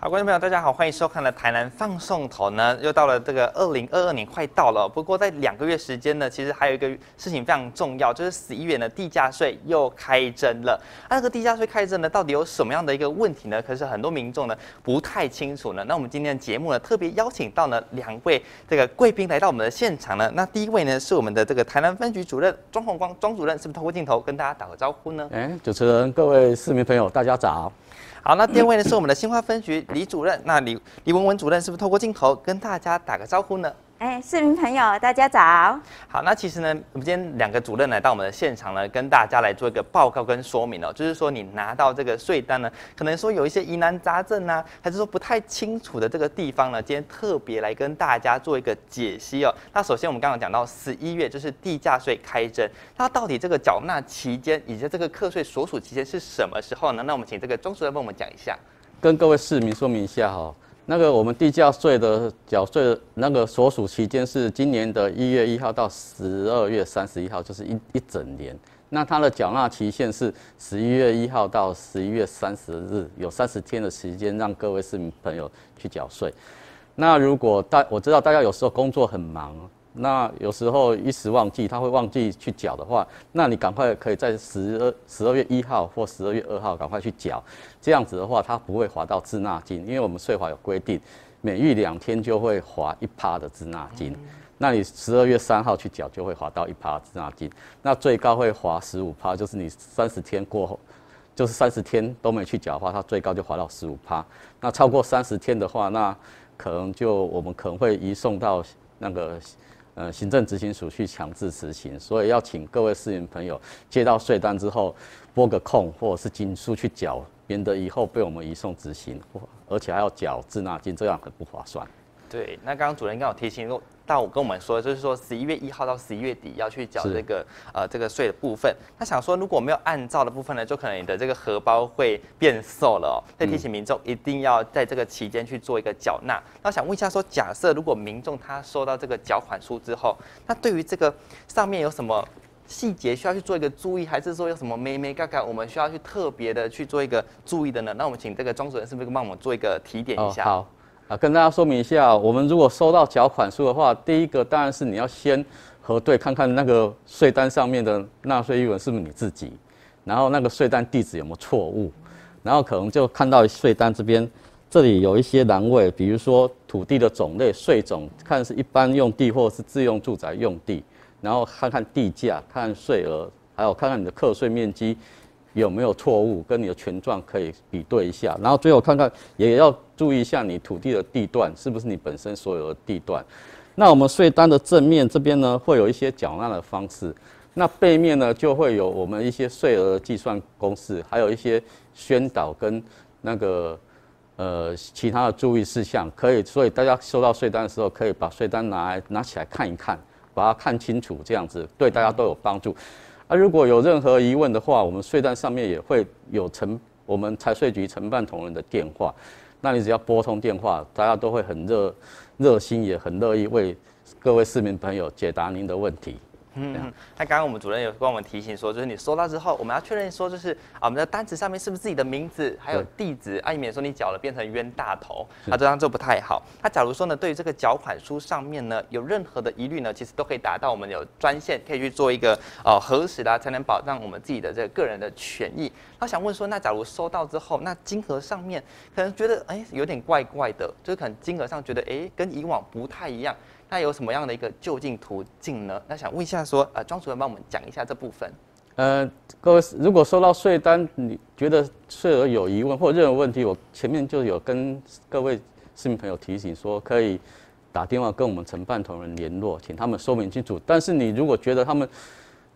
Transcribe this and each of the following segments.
好，觀眾朋友，大家好，歡迎收看了台南放送頭呢，又到了這個二零二二年快到了，不過在兩個月時間呢，其實還有一個事情非常重要，就是十一月的地價稅又開徵了。啊、那這個地價稅開徵呢，到底有什麼樣的一個問題呢？可是很多民眾呢，不太清楚呢。那我們今天的節目呢，特別邀請到了兩位這個貴賓來到我們的現場呢。那第一位呢，是我們的這個台南分局主任莊宏光，莊主任，是不是透過鏡頭跟大家打個招呼呢？哎，主持人，各位市民朋友，大家早。好，那第二位呢，是我們的新化分局李主任，那李李玟玟主任是不是透過鏡頭跟大家打個招呼呢？哎，市民朋友，大家早。好，那其實呢，我們今天兩個主任來到我們的現場呢，跟大家來做一個報告跟說明哦，就是說你拿到這個稅單呢，可能說有一些疑難雜症啊，還是說不太清楚的這個地方呢，今天特別來跟大家做一個解析哦。那首先我們剛剛講到十一月就是地價稅開徵，那到底這個繳納期間以及這個課稅所屬期間是什麼時候呢？那我們請這個莊主任跟我們講一下。跟各位市民說明一下哦。那個我們地價稅的繳稅那個所屬期間是今年的一月一號到十二月三十一號，就是一一整年。那它的繳納期限，是十一月一號到十一月三十日，有三十天的時間讓各位市民朋友去繳稅。那如果大我知道大家有時候工作很忙。那有時候一時忘記，他會忘記去繳的話，那你趕快可以在十二十二月一號或十二月二號趕快去繳，這樣子的話，他不會劃到滯納金，因為我們稅法有規定，每逾兩天就會劃一趴的滯納金。嗯，那你十二月三號去繳就會劃到一趴滯納金，那最高會劃十五趴，就是你三十天過後，就是三十天都沒去繳的話，他最高就劃到十五趴，那超過三十天的話，那可能就我們可能會移送到那個。呃、嗯，行政執行署去強制執行，所以要請各位市民朋友接到稅單之後，撥個空或者是金書去繳，免得以後被我們移送執行，或而且還要繳滯納金，這樣很不划算。對，那剛剛主任剛有提醒到，但我跟我們說，就是說十一月一號到十一月底要去繳這個呃這個稅的部分。他想說，如果沒有按照的部分呢，就可能你的這個荷包會變瘦了哦。提醒民眾一定要在這個期間去做一個繳納。嗯、那我想問一下，說假設如果民眾他收到這個繳款書之後，那對於這個上面有什麼細節需要去做一個注意，還是說有什麼沒沒剛剛我們需要去特別的去做一個注意的呢？那我們請這個莊主任是不是幫我們做一個提點一下？Oh, 好。啊，跟大家說明一下，我們如果收到繳款書的話，第一個當然是你要先核對，看看那個稅單上面的納稅義務人是不是你自己，然後那個稅單地址有沒有錯誤，然後可能就看到稅單這邊，這裡有一些欄位，比如說土地的種類、稅種，看是一般用地或者是自用住宅用地，然後看看地價、看看稅額，還有看看你的課稅面積。有沒有錯誤？跟你的權狀可以比對一下，然後最後看看，也要注意一下你土地的地段是不是你本身所有的地段。那我們稅單的正面這邊呢，會有一些繳納的方式；那背面呢，就會有我們一些稅額計算公式，還有一些宣導跟那個呃其他的注意事項。可以，所以大家收到稅單的時候，可以把稅單拿來拿起來看一看，把它看清楚，這樣子對大家都有幫助。嗯。啊，如果有任何疑問的話，我們稅單上面也會有承我們財稅局承辦同仁的電話，那你只要撥通電話，大家都會很熱熱心，也很樂意為各位市民朋友解答您的問題。嗯、啊，那剛剛我們主任有跟我們提醒說，就是你收到之後，我們要確認說，就是啊，我們的單子上面是不是自己的名字，還有地址，啊，以免說你繳了變成冤大頭，啊，這樣就不太好。那假如說呢，對於這個繳款書上面呢，有任何的疑慮呢，其實都可以達到我們有專線，可以去做一個呃、哦、核實啦，才能保障我們自己的這個個人的權益。他想問說，那假如收到之後，那金額上面可能覺得哎有點怪怪的，就是可能金額上覺得哎跟以往不太一樣。那有什麼樣的一個救濟途徑呢？那想問一下說，說呃，莊主任幫我們講一下這部分。呃，各位如果收到稅單，你覺得稅額有疑問或任何問題，我前面就有跟各位市民朋友提醒說，可以打電話跟我們承辦同仁聯絡，請他們說明清楚。但是你如果覺得他們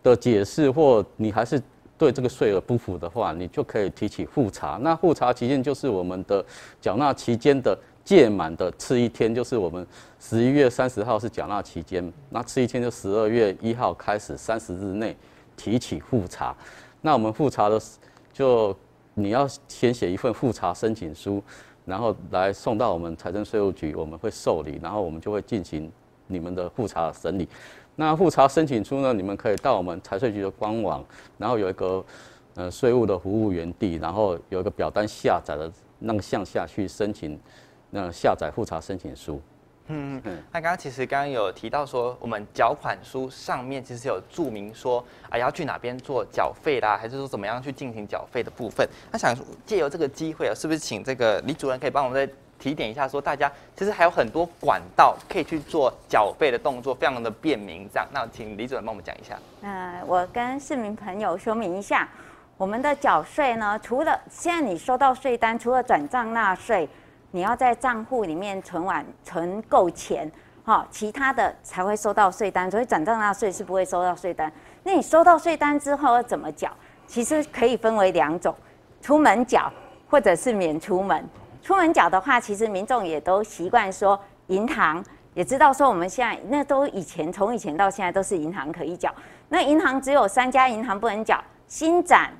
的解釋或你還是對這個稅額不符的話，你就可以提起複查。那複查期間就是我們的繳納期間的。屆滿的次一天就是我們十一月三十號是繳納期間，那次一天就十二月一號開始三十日內提起複查。那我們複查的就你要先寫一份複查申請書，然後來送到我們財政稅務局，我們會受理，然後我們就會進行你們的複查審理。那複查申請書呢，你們可以到我們財稅局的官網，然後有一個呃稅務的服務園地，然後有一個表單下載的那個項下去申請。那個、下載複查申請書。嗯，那剛剛其實剛剛有提到說，我們繳款書上面其實有注明說，啊，要去哪邊做繳費啦，還是說怎麼樣去進行繳費的部分？那、啊、想借由這個機會啊，是不是請這個李主任可以幫我們再提點一下，說大家其實還有很多管道可以去做繳費的動作，非常的便民。這樣，那請李主任幫我們講一下。那、呃、我跟市民朋友說明一下，我們的繳稅呢，除了現在你收到稅單，除了轉賬納稅。你要在賬戶裡面存完、存夠錢，哈，其他的才會收到稅單。所以轉賬納稅是不會收到稅單。那你收到稅單之後要怎麼繳？其實可以分為兩種，出門繳或者是免出門。出門繳的話，其實民眾也都習慣說銀行，也知道說我們現在那都以前從以前到現在都是銀行可以繳。那銀行只有三家銀行不能繳：新展、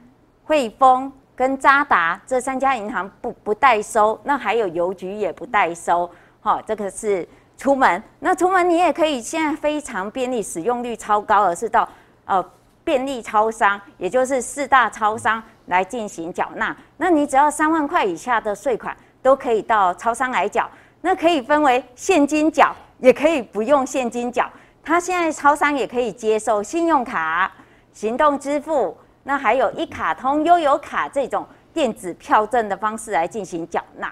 匯豐。跟渣打這三家銀行不不代收，那還有郵局也不代收，好、哦，這個是出門。那出門你也可以，現在非常便利，使用率超高，而是到呃便利超商，也就是四大超商來進行繳納。那你只要三萬塊以下的稅款，都可以到超商來繳。那可以分為現金繳，也可以不用現金繳。它現在超商也可以接受信用卡、行動支付。那還有一卡通、悠遊卡這種電子票證的方式來進行繳納。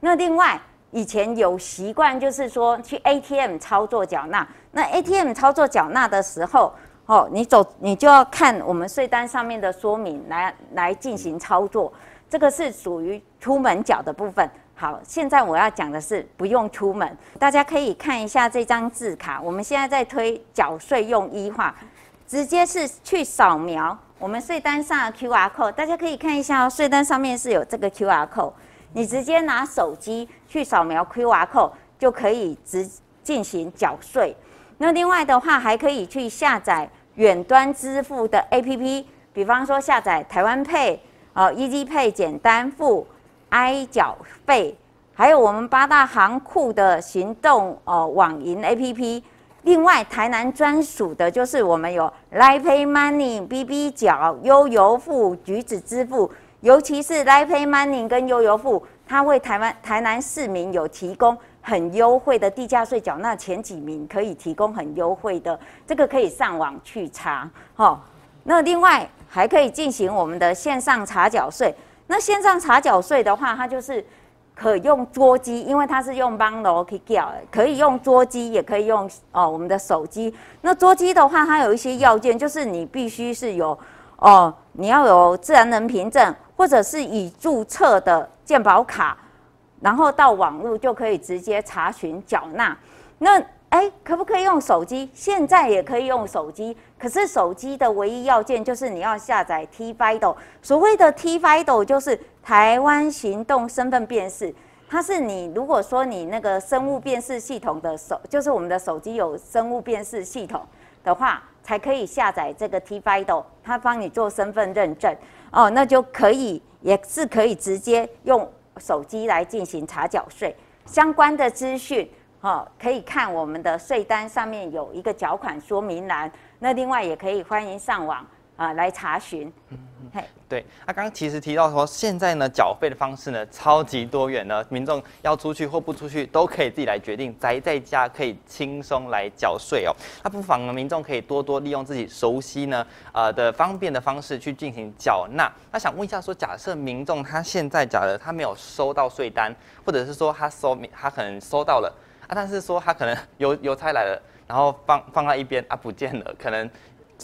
那另外以前有習慣就是說去 ATM 操作繳納。那 ATM 操作繳納的時候，哦，你走你就要看我們稅單上面的說明來來進行操作。這個是屬於出門繳的部分。好，現在我要講的是不用出門，大家可以看一下這張字卡。我們現在在推繳稅用一化，直接是去掃描。我們稅單上 QR code，大家可以看一下哦、喔，稅單上面是有這個 QR code，你直接拿手機去掃描 QR code 就可以直進行繳稅。那另外的話，還可以去下載遠端支付的 APP，比方說下載台灣 Pay 哦 Easy Pay、Easypay、簡單付、i 繳費，還有我們八大行庫的行動哦網銀 APP。另外，台南專屬的就是我們有 LifePay Money、B B 繳、悠遊付、橘子支付，尤其是 LifePay Money 跟悠遊付，它為台灣台南市民有提供很優惠的地價稅繳納前幾名，可以提供很優惠的，這個可以上網去查。吼，那另外還可以進行我們的線上查繳稅。那線上查繳稅的話，它就是。可用桌機，因為它是用 b a n d l e 可以 g e 可以用桌機，也可以用哦我們的手機。那桌機的話，它有一些要件，就是你必須是有哦，你要有自然人憑證，或者是已注冊的健保卡，然後到網路就可以直接查詢繳納。那哎、欸，可不可以用手機？現在也可以用手機，可是手機的唯一要件就是你要下載 TW FidO 所謂的 TW FidO 就是。台灣行動身份辨識，它是你如果說你那個生物辨識系統的手，就是我們的手機有生物辨識系統的話，才可以下載這個 TW FidO。它幫你做身份認證哦，那就可以也是可以直接用手機來進行查繳稅相關的資訊哦，可以看我們的稅單上面有一個繳款說明欄，那另外也可以歡迎上網啊來查詢。Hey. 對，那、啊、剛剛其實提到說，現在呢繳費的方式呢超級多元呢，民眾要出去或不出去都可以自己來決定，宅在家可以輕鬆來繳稅哦。那、啊、不妨呢民眾可以多多利用自己熟悉呢呃的方便的方式去進行繳納。那、啊、想問一下說，假設民眾他現在假如他沒有收到稅單，或者是說他收他可能收到了啊，但是說他可能郵郵差來了，然後放放在一邊啊不見了，可能。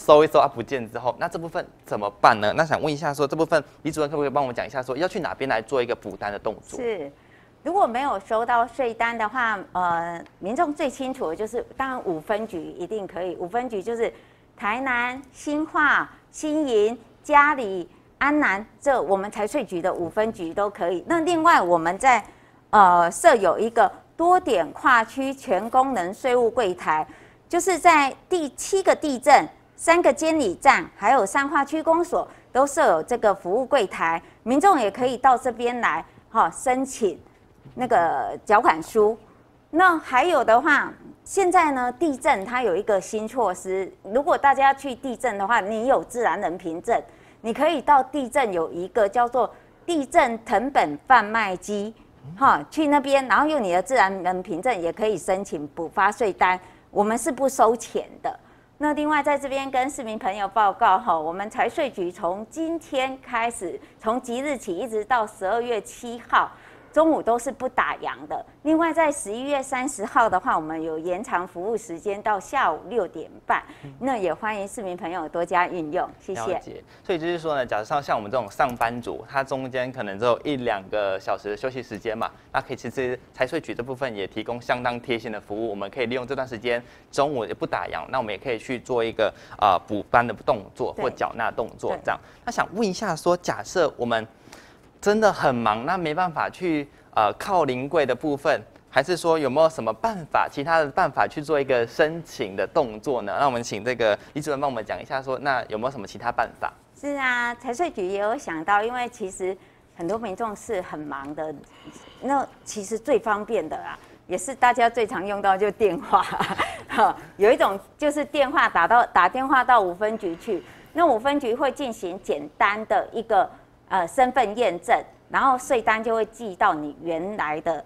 搜一搜啊，不見之後，那這部分怎麼辦呢？那想問一下說，說這部分李主任可不可以幫我們講一下說，說要去哪邊來做一個補單的動作？是，如果沒有收到稅單的話，呃，民眾最清楚的就是，當然五分局一定可以，五分局就是台南、新化、新營、佳裡、安南，這我們財稅局的五分局都可以。那另外我們在呃設有一個多點跨區全功能稅務櫃台，就是在第七個地震。三個監理站，還有三化區公所都設有這個服務櫃檯，民眾也可以到這邊來哈申請那個繳款書。那還有的話，現在呢，地政它有一個新措施，如果大家去地政的話，你有自然人憑證，你可以到地政有一個叫做地政謄本販賣機哈，去那邊，然後用你的自然人憑證也可以申請補發稅單，我們是不收錢的。那另外在這邊跟市民朋友報告哈，我們財稅局從今天開始，從即日起一直到十二月七號。中午都是不打烊的。另外，在十一月三十號的話，我們有延長服務時間到下午六點半。那也歡迎市民朋友多加運用，謝謝。了解。所以就是說呢，假設像像我們這種上班族，他中間可能只有一兩個小時的休息時間嘛，那可以其實財稅局這部分也提供相當貼心的服務。我們可以利用這段時間，中午也不打烊，那我們也可以去做一個啊補、呃、班的動作或繳納動作這樣。那想問一下說，說假設我們。真的很忙，那沒辦法去呃靠臨櫃的部分，還是說有沒有什麼辦法，其他的辦法去做一個申請的動作呢？那我們請這個李主任幫我們講一下說，說那有沒有什麼其他辦法？是啊，財稅局也有想到，因為其實很多民眾是很忙的，那其實最方便的啊，也是大家最常用到就是電話，有一種就是電話打到打電話到五分局去，那五分局會進行簡單的一個。呃，身份驗證，然後稅單就會寄到你原來的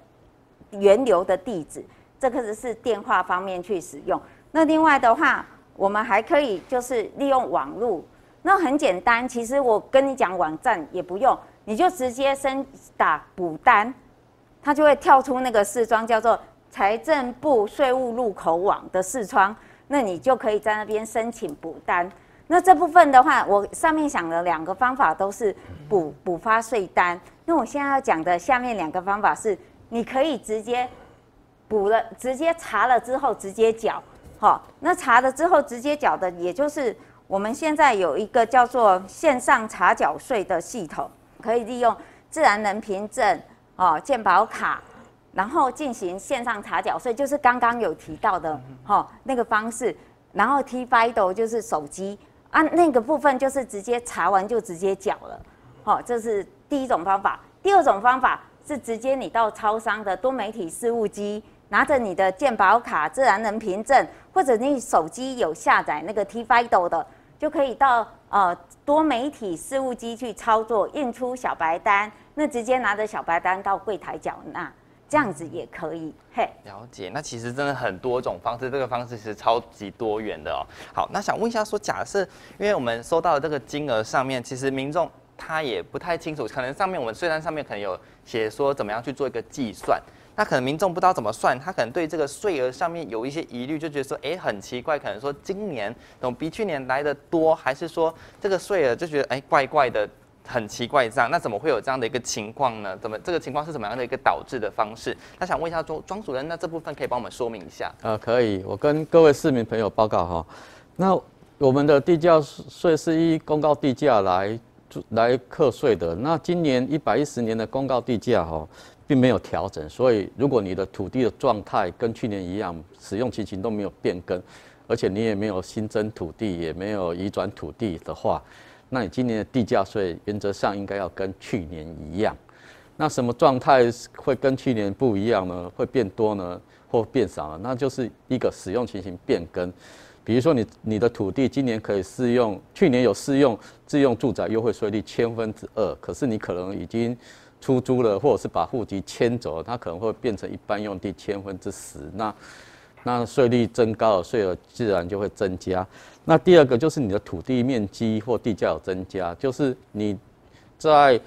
原留的地址。這個是電話方面去使用。那另外的話，我們還可以就是利用網絡。那很簡單，其實我跟你講，網站也不用，你就直接申打補單，它就會跳出那個視窗，叫做財政部稅務入口網的視窗，那你就可以在那邊申請補單。那這部分的話，我上面想的兩個方法都是補補發稅單。那我現在要講的下面兩個方法是，你可以直接補了，直接查了之後直接繳。好、哦，那查了之後直接繳的，也就是我們現在有一個叫做線上查繳稅的系統，可以利用自然人憑證哦，健保卡，然後進行線上查繳稅，就是剛剛有提到的哈、哦、那個方式，然後 T Fido 就是手機。啊，那個部分就是直接查完就直接繳了，好，這是第一種方法。第二種方法是直接你到超商的多媒體事務機，拿着你的健保卡、自然人憑證，或者你手機有下載那個 TW FidO 的，就可以到呃多媒體事務機去操作，印出小白單，那直接拿着小白單到櫃檯繳納。這樣子也可以，嘿，了解。那其實真的很多種方式，這個方式是超級多元的喔。好，那想問一下，說假設，因為我們收到的這個金額上面，其實民眾他也不太清楚，可能上面我們雖然上面可能有寫說怎麼樣去做一個計算，那可能民眾不知道怎麼算，他可能對這個稅額上面有一些疑慮，就覺得說，欸，很奇怪，可能說今年總比去年來得多，還是說這個稅額就覺得欸，怪怪的。很奇怪，這樣那怎麼會有這樣的一個情況呢？怎麼這個情況是怎麼樣的一個導致的方式？那想問一下莊莊主任，那這部分可以幫我們說明一下？呃，可以，我跟各位市民朋友報告齁，那我們的地價稅是依公告地價來來課稅的。那今年一百一十年的公告地價齁，並沒有調整，所以如果你的土地的狀態跟去年一樣，使用情形都沒有變更，而且你也沒有新增土地，也沒有移轉土地的話。那你今年的地價稅原則上應該要跟去年一樣，那什麼狀態會跟去年不一樣呢？會變多呢，或變少了，那就是一個使用情形變更，比如說你你的土地今年可以適用，去年有適用自用住宅優惠稅率千分之二，可是你可能已經出租了，或者是把戶籍遷走了，它可能會變成一般用地千分之十。那那稅率增高，稅額自然就會增加。那第二個就是你的土地面積或地價有增加，就是你在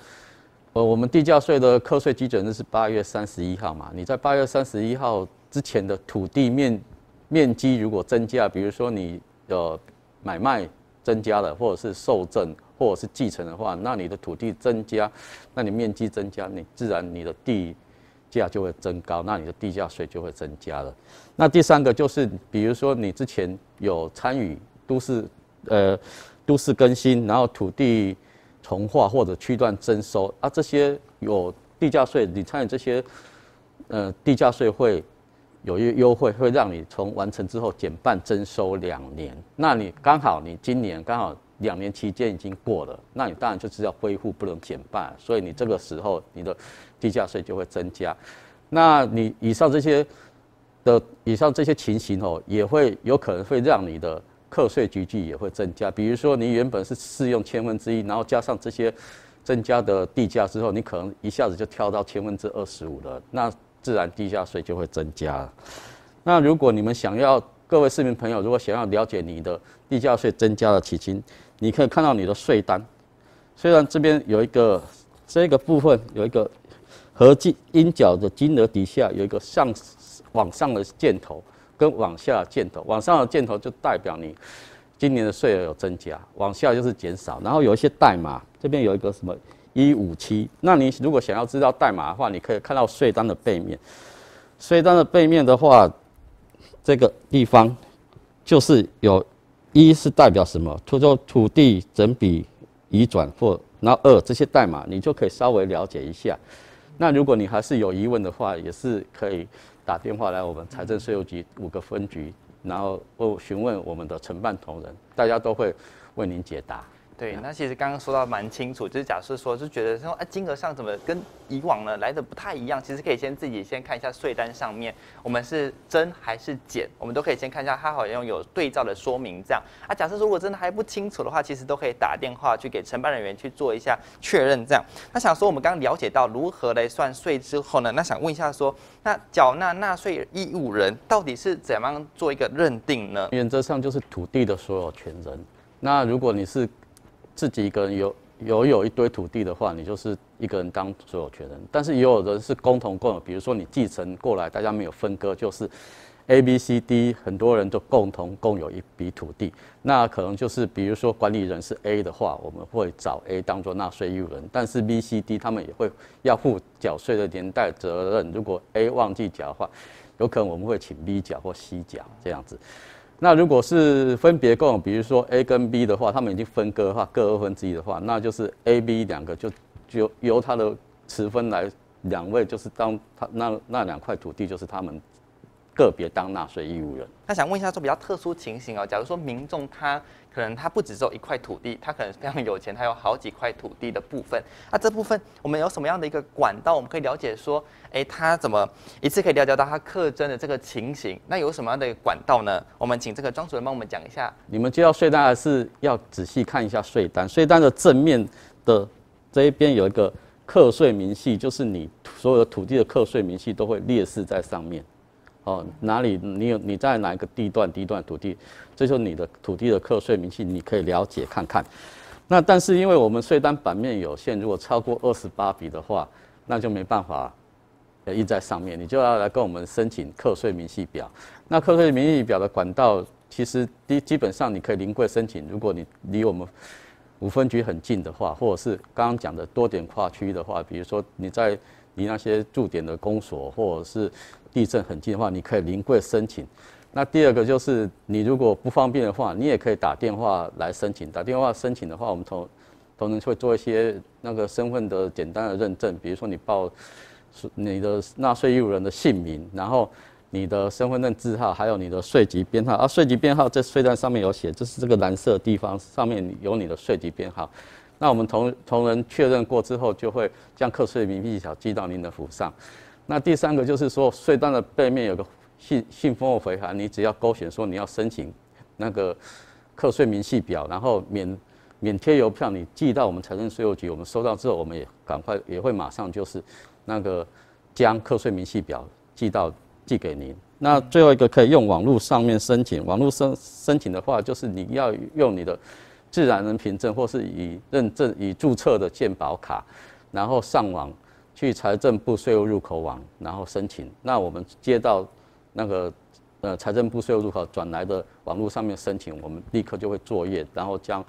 呃我們地價稅的課稅基準日是八月三十一號嘛？你在八月三十一號之前的土地面面積如果增加，比如說你的買賣增加了，或者是受贈或者是繼承的話，那你的土地增加，那你面積增加，你自然你的地。價就會增高，那你的地價稅就會增加了。那第三個就是，比如說你之前有參與都市，呃，都市更新，然後土地重劃、或者區段徵收啊，這些有地價稅，你參與這些，呃，地價稅會有一個優惠，會讓你從完成之後減半徵收兩年。那你剛好你今年剛好兩年期間已經過了，那你當然就是要恢復，不能減半。所以你這個時候你的。地價稅就會增加，那你以上這些的以上這些情形哦，也會有可能會讓你的課稅級距也會增加。比如說你原本是適用千分之一，然後加上這些增加的地價之後，你可能一下子就跳到千分之二十五了，那自然地價稅就會增加。那如果你們想要，各位市民朋友，如果想要了解你的地價稅增加的情形，你可以看到你的稅單，雖然這邊有一個這個部分有一個。合計應繳的金額底下有一個上往上的箭頭跟往下的箭頭，往上的箭頭就代表你今年的稅額有增加，往下就是減少。然後有一些代碼，這邊有一個什麼一五七，那你如果想要知道代碼的話，你可以看到稅單的背面。稅單的背面的話，這個地方就是有一是代表什麼，土土地整筆移轉或然後二這些代碼，你就可以稍微了解一下。那如果你還是有疑問的話，也是可以打電話來我們財政稅務局五個分局，然後問詢問我們的承辦同仁，大家都會為您解答。對，那其實剛剛說到蠻清楚，就是假設說，就覺得說，啊，金額上怎麼跟以往呢來的不太一樣？其實可以先自己先看一下稅單上面，我們是增還是減，我們都可以先看一下，它好像有對照的說明這樣。啊，假設說如果真的還不清楚的話，其實都可以打電話去給承辦人員去做一下確認這樣。那想說，我們剛了解到如何來算稅之後呢？那想問一下說，那繳納納稅義務人到底是怎樣做一個認定呢？原則上就是土地的所有權人。那如果你是。自己一個人有有有一堆土地的話，你就是一個人當所有權人。但是也有人是共同共有，比如說你繼承過來，大家沒有分割，就是 A、B、C、D 很多人都共同共有一筆土地，那可能就是比如說管理人是 A 的話，我們會找 A 當做納稅義務人，但是 B、C、D 他們也會要負繳稅的連帶責任。如果 A 忘記繳的話，有可能我們會請 B 繳或 C 繳這樣子。那如果是分別共有，比如說 A 跟 B 的話，他們已經分割的話，各二分之一的話，那就是 A、B 兩個就就由它的持分來兩位，就是當他那那兩塊土地就是他們。個別當納稅義務人，那想問一下，說比較特殊情形哦、喔，假如說民眾他可能他不只只有一塊土地，他可能非常有錢，他有好幾塊土地的部分，那這部分我們有什麼樣的一個管道，我們可以了解說，誒、欸，他怎麼一次可以了解到他課徵的這個情形？那有什麼樣的管道呢？我們請這個莊主任幫我們講一下。你們接到稅單，是要仔細看一下稅單，稅單的正面的這一邊有一個課稅明細，就是你所有的土地的課稅明細都會列示在上面。哦，哪裡你有你在哪一個地段地段土地，所以說你的土地的課稅明細，你可以了解看看。那但是因為我們稅單版面有限，如果超過二十八筆的話，那就沒辦法呃印在上面，你就要來跟我們申請課稅明細表。那課稅明細表的管道其實基基本上你可以臨櫃申請，如果你離我們五分局很近的話，或者是剛剛講的多點跨區的話，比如說你在離那些駐點的公所或者是。地震很近的話，你可以臨櫃申請。那第二個就是，你如果不方便的話，你也可以打電話來申請。打電話申請的話，我們同同仁會做一些那個身份的簡單的認證，比如說你報你的納稅義務人的姓名，然後你的身份證字號，還有你的稅籍編號。啊，稅籍編號在稅單上面有寫，就是這個藍色的地方上面有你的稅籍編號。那我們同同仁確認過之後，就會將課稅明細表寄到您的府上。那第三個就是說，稅單的背面有個信信封回函，你只要勾選說你要申請那個課稅明細表，然後免免貼郵票，你寄到我們財政稅務局，我們收到之後，我們也趕快也會馬上就是那個將課稅明細表寄到寄給您。那最後一個可以用網絡上面申請，網絡申申請的話，就是你要用你的自然人憑證或是已認證已註冊的健保卡，然後上網。去財政部稅務入口網，然後申請。那我們接到那個呃財政部稅務入口轉來的網絡上面申請，我們立刻就會作業，然後將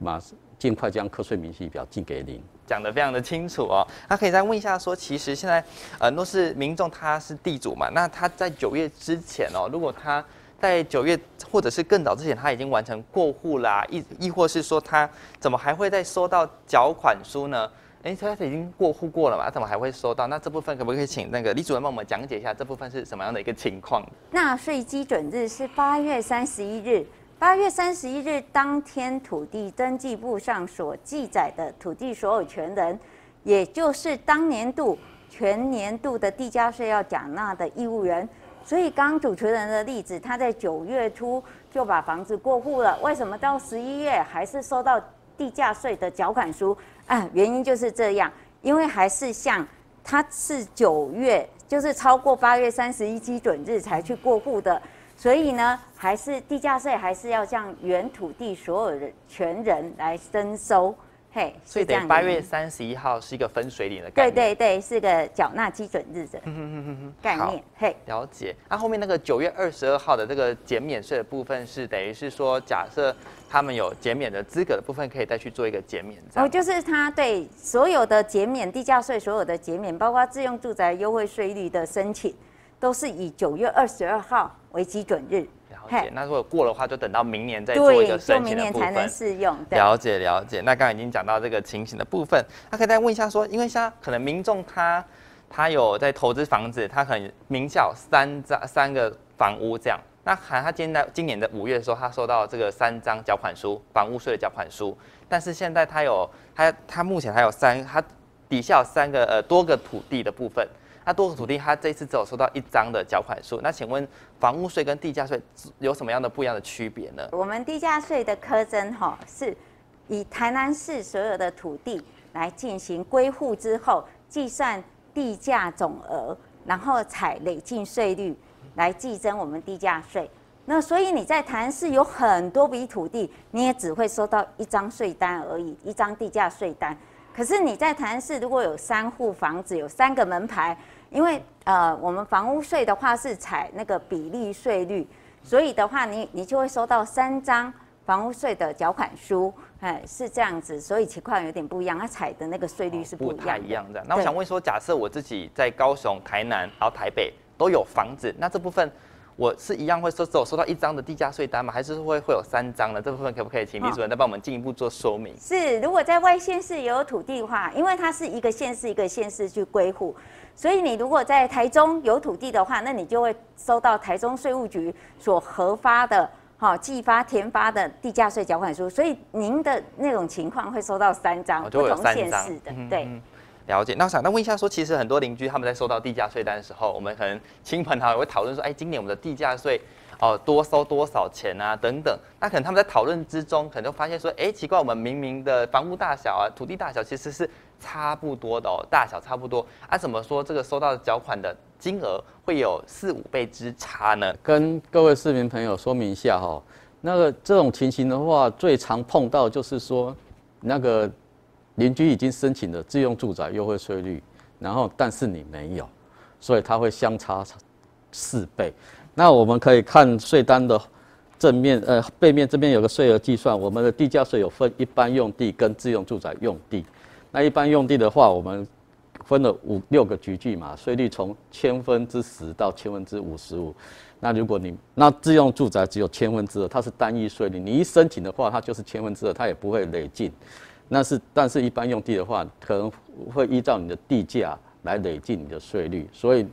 馬盡快將課稅明細表寄給您。講得非常的清楚哦。那可以再問一下，說其實現在呃若是民眾他是地主嘛，那他在九月之前哦，如果他在九月或者是更早之前他已經完成過戶啦，啊，亦亦或是說他怎麼還會再收到繳款書呢？誒，他已經過戶過了嘛？他怎麼還會收到？那這部分可不可以請那個李主任幫我們講解一下，這部分是什麼樣的一個情況？納稅基準日是八月三十一日，八月三十一日當天土地登記簿上所記載的土地所有權人，也就是當年度全年度的地價稅要繳納的義務人。所以剛剛主持人的例子，他在九月初就把房子過戶了，為什麼到十一月還是收到？地價稅的繳款書啊，原因就是這樣，因為還是像它是九月，就是超過八月三十一基準日才去過戶的，所以呢，還是地價稅還是要向原土地所有人權人來徵收。嘿、hey,，所以等於八月三十一號是一個分水嶺的概念，對對對，是個繳納基準日的概念。嘿 ，hey. 了解。那後面那個九月二十二號的這個減免稅的部分，是等於是說，假設他們有減免的資格的部分，可以再去做一個減免這樣。哦、oh,，就是他對所有的減免地價稅，所有的減免，包括自用住宅優惠稅率的申請，都是以九月二十二號為基準日。那如果過的話，就等到明年再做一個申請的部分了。對，才能適用。對。了解了解。那剛才已經講到這個情形的部分，那、啊、可以再問一下說，因為像可能民眾他他有在投資房子，他可能名下三張三個房屋這樣。那可能他今天在今年的五月的時候，他收到這個三張繳款書，房屋稅的繳款書。但是現在他有他他目前還有三，他底下有三個呃多個土地的部分。那多個土地，它這一次只有收到一張的繳款書。那請問房屋稅跟地價稅有什麼樣的不一樣的區別呢？我們地價稅的課徵哈，是以台南市所有的土地來進行歸戶之後，計算地價總額，然後採累進稅率來計徵我們地價稅。那所以你在台南市有很多筆土地，你也只會收到一張稅單而已，一張地價稅單。可是你在台南市如果有三戶房子，有三個門牌，因為呃我們房屋稅的話是採那個比例稅率，所以的話你你就會收到三張房屋稅的繳款書，哎、嗯、是這樣子，所以情況有點不一樣，它採的那個稅率是不一樣的、哦、不太一樣的。那我想問說，假設我自己在高雄、台南，然後台北都有房子，那這部分。我是一樣會收，收到一張的地價稅單嗎，還是會會有三張的？這部分可不可以請李主任再幫我們進一步做說明、哦？是，如果在外縣市也有土地的話，因為它是一個縣市一個縣市去歸戶，所以你如果在台中有土地的話，那你就會收到台中稅務局所核發的哈寄、哦、發填發的地價稅繳款書。所以您的那種情況會收到三張、哦、不同縣市的，嗯、對。嗯嗯了解，那我想那問一下，說其實很多鄰居他們在收到地價稅單的時候，我們可能親朋好友會討論說，誒、哎，今年我們的地價稅哦多收多少錢啊？等等，那可能他們在討論之中，可能就發現說，誒、欸，奇怪，我們明明的房屋大小啊，土地大小其實是差不多的哦，大小差不多啊，怎麼說這個收到繳款的金額會有四五倍之差呢？跟各位市民朋友說明一下哈，那個這種情形的話，最常碰到就是說那個。鄰居已經申請了自用住宅優惠稅率，然後但是你沒有，所以它會相差四倍。那我們可以看稅單的正面，呃，背面這邊有個稅額計算。我們的地價稅有分一般用地跟自用住宅用地。那一般用地的話，我們分了五六個級距嘛，稅率從千分之十到千分之五十五。那如果你那自用住宅只有千分之二，它是單一稅率，你一申請的話，它就是千分之二，它也不會累進。那是，但是一般用地的話，可能會依照你的地價來累計你的稅率，所以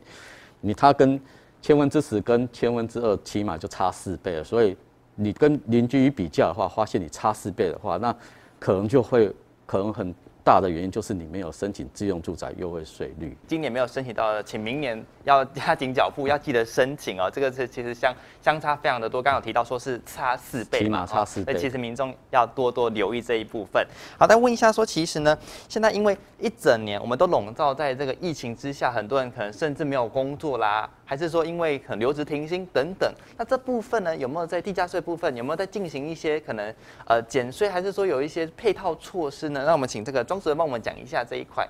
你它跟千分之十跟千分之二，起碼就差四倍了。所以你跟鄰居一比較的話，發現你差四倍的話，那可能就會可能很大的原因就是你沒有申請自用住宅優惠稅率。今年沒有申請到，請明年，要加緊腳步，要記得申請哦。這個是其實相相差非常的多，剛剛有提到說是差四倍嘛，起碼差四倍。其實民眾要多多留意這一部分。好，再問一下，說其實呢，現在因為一整年我們都籠罩在這個疫情之下，很多人可能甚至沒有工作啦，還是說因為可能留職停薪等等，那這部分呢有沒有在地價稅部分有沒有在進行一些可能呃減稅，還是說有一些配套措施呢？那我們請這個莊主任幫我們講一下這一塊。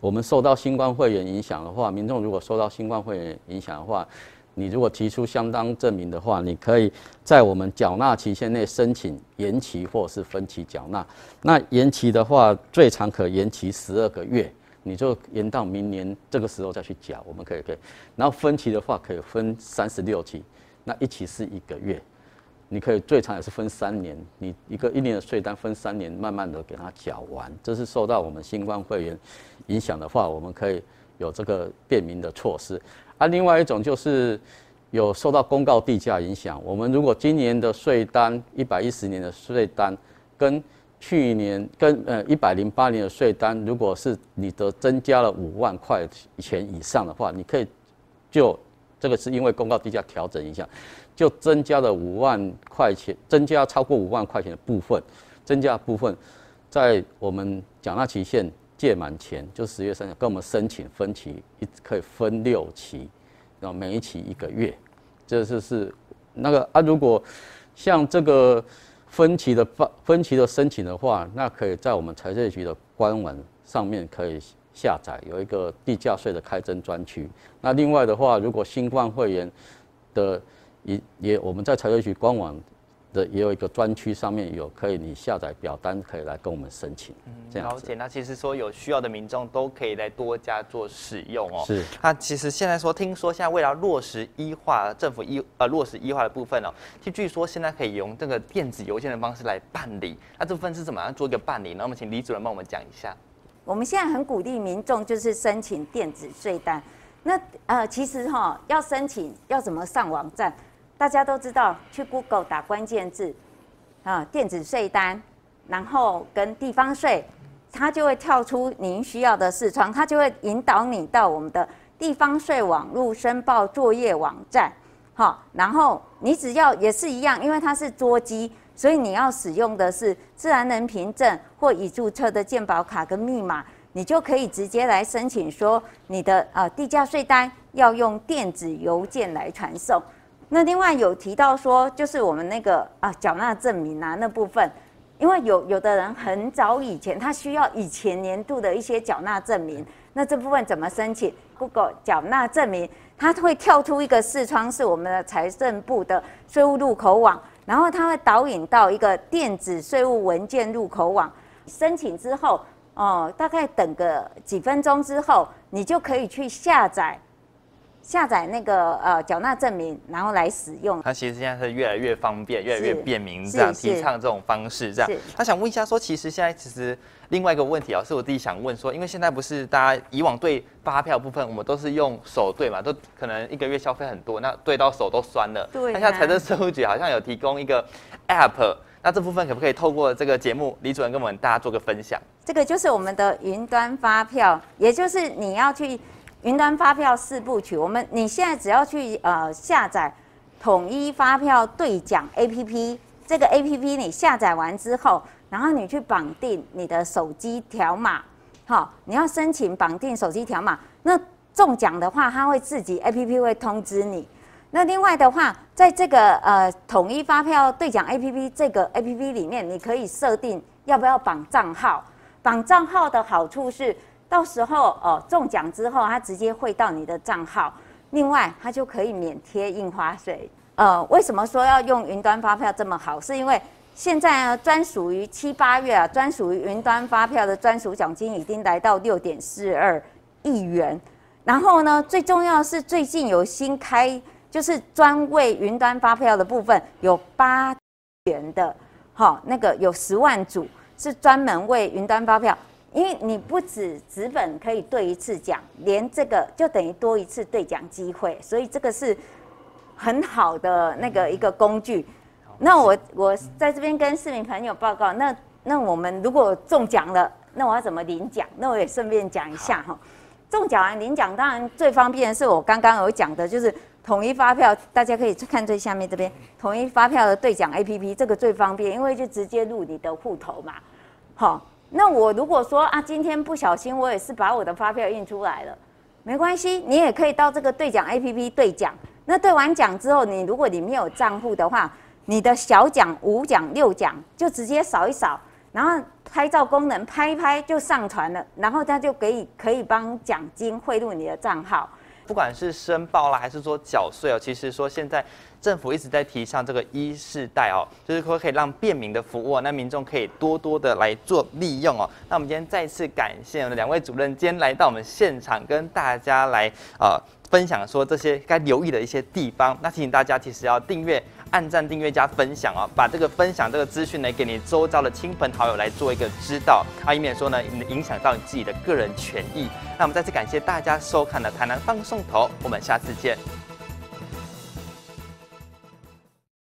我們受到新冠會員影響的話，民眾如果受到新冠會員影響的話，你如果提出相當證明的話，你可以在我們繳納期限內申請延期或是分期繳納。那延期的話，最長可延期十二個月，你就延到明年這個時候再去繳，我們可以可以。然後分期的話，可以分三十六期，那一期是一個月。你可以最長也是分三年，你一個一年的稅單分三年，慢慢的給它繳完。這是受到我們新冠肺炎影響的話，我們可以有這個便民的措施。啊，另外一種就是有受到公告地價影響，我們如果今年的稅單一百一十年的稅單，跟去年跟呃一百零八年的稅單，如果是你的增加了五萬塊錢以，以上的話，你可以就這個是因為公告地價調整影響。就增加了五萬塊錢，增加超過五萬塊錢的部分，增加部分，在我們繳納期限屆滿前，就十月三日跟我們申請分期，一可以分六期，然後每一期一個月，這就是那個啊，如果像這個分期的分分期的申請的話，那可以在我們財政局的官網上面可以下載，有一個地價稅的開徵專區。那另外的話，如果新冠肺炎的也也，我們在財稅局官網的也有一個專區，上面有可以你下載表單，可以來跟我們申請這樣。嗯，了解。那其實說有需要的民眾都可以來多加做使用哦。是。那、啊、其實現在說，聽說現在為了要落實 E 化，政府 E 呃落實 E 化的部分哦，據說現在可以用這個電子郵件的方式來辦理。那這份是怎麼樣做一個辦理呢？那我們請李主任幫我們講一下。我們現在很鼓勵民眾就是申請電子稅單。那呃，其實哈、哦，要申請要怎麼上網站？大家都知道，去 Google 打關鍵字，啊，電子稅單，然後跟地方稅，它就會跳出您需要的視窗，它就會引導你到我們的地方稅網絡申報作業網站，好，然後你只要也是一樣，因為它是桌機，所以你要使用的是自然人憑證或已註冊的健保卡跟密碼，你就可以直接來申請說你的啊、呃、地價稅單要用電子郵件來傳送。那另外有提到說，就是我們那個啊，繳納證明啊那部分，因為有有的人很早以前他需要以前年度的一些繳納證明，那這部分怎麼申請？Google 繳納證明，他會跳出一個視窗，是我們的財政部的稅務入口網，然後他會導引到一個電子稅務文件入口網，申請之後哦，大概等個幾分鐘之後，你就可以去下載。下載那個呃繳納證明，然後來使用。他其實現在是越來越方便，越來越便民，這樣提倡這種方式，這樣。他想問一下說，說其實現在其實另外一個問題啊、喔，是我自己想問說，因為現在不是大家以往對發票部分，我們都是用手對嘛，都可能一個月消費很多，那對到手都酸了。對、啊。那現在財政稅務局好像有提供一個 app，那這部分可不可以透過這個節目，李主任跟我們大家做個分享？這個就是我們的雲端發票，也就是你要去。雲端發票四部曲，我們你現在只要去呃下載統一發票兌獎 A P P，這個 A P P 你下載完之後，然後你去綁定你的手機條碼，好，你要申請綁定手機條碼，那中獎的話，它會自己 A P P 會通知你。那另外的話，在這個呃統一發票兌獎 A P P 這個 A P P 裡面，你可以設定要不要綁賬號，綁賬號的好處是。到時候哦，中獎之後它直接匯到你的賬號，另外它就可以免貼印花稅。呃，為什麼說要用雲端發票這麼好？是因為現在啊，專屬於七八月啊，專屬於雲端發票的專屬獎金已經來到六點四二億元。然後呢，最重要是最近有新開，就是專為雲端發票的部分有八元的，好、哦，那個有十萬組是專門為雲端發票。因為你不只紙本可以兌一次獎，連這個就等於多一次兌獎機會，所以這個是很好的那個一個工具。那我我在這邊跟市民朋友報告，那那我們如果中獎了，那我要怎麼領獎？那我也順便講一下哈。中獎啊，領獎當然最方便的是我剛剛有講的，就是統一發票，大家可以看最下面這邊統一發票的兌獎 APP，這個最方便，因為就直接入你的戶頭嘛。好。那我如果說啊，今天不小心我也是把我的發票印出來了，沒關係，你也可以到這個兌獎 APP 兌獎。那兌完獎之後，你如果裡面有賬戶的話，你的小獎、五獎、六獎就直接掃一掃，然後拍照功能拍一拍就上傳了，然後它就可以可以幫獎金匯入你的賬號不管是申報啦，還是說繳稅哦，其實說現在政府一直在提倡這個「一世代」哦，就是說可以讓便民的服務哦，那民眾可以多多的來做利用哦。那我們今天再次感謝我們兩位主任今天來到我們現場，跟大家來呃分享說這些該留意的一些地方。那提醒大家，其實要訂閱。按讚、訂閱、加分享哦！把這個分享這個資訊呢，給你周遭的親朋好友來做一個知道，啊，以免說呢影響到你自己的個人權益。那我們再次感謝大家收看的台南放送頭，我們下次見。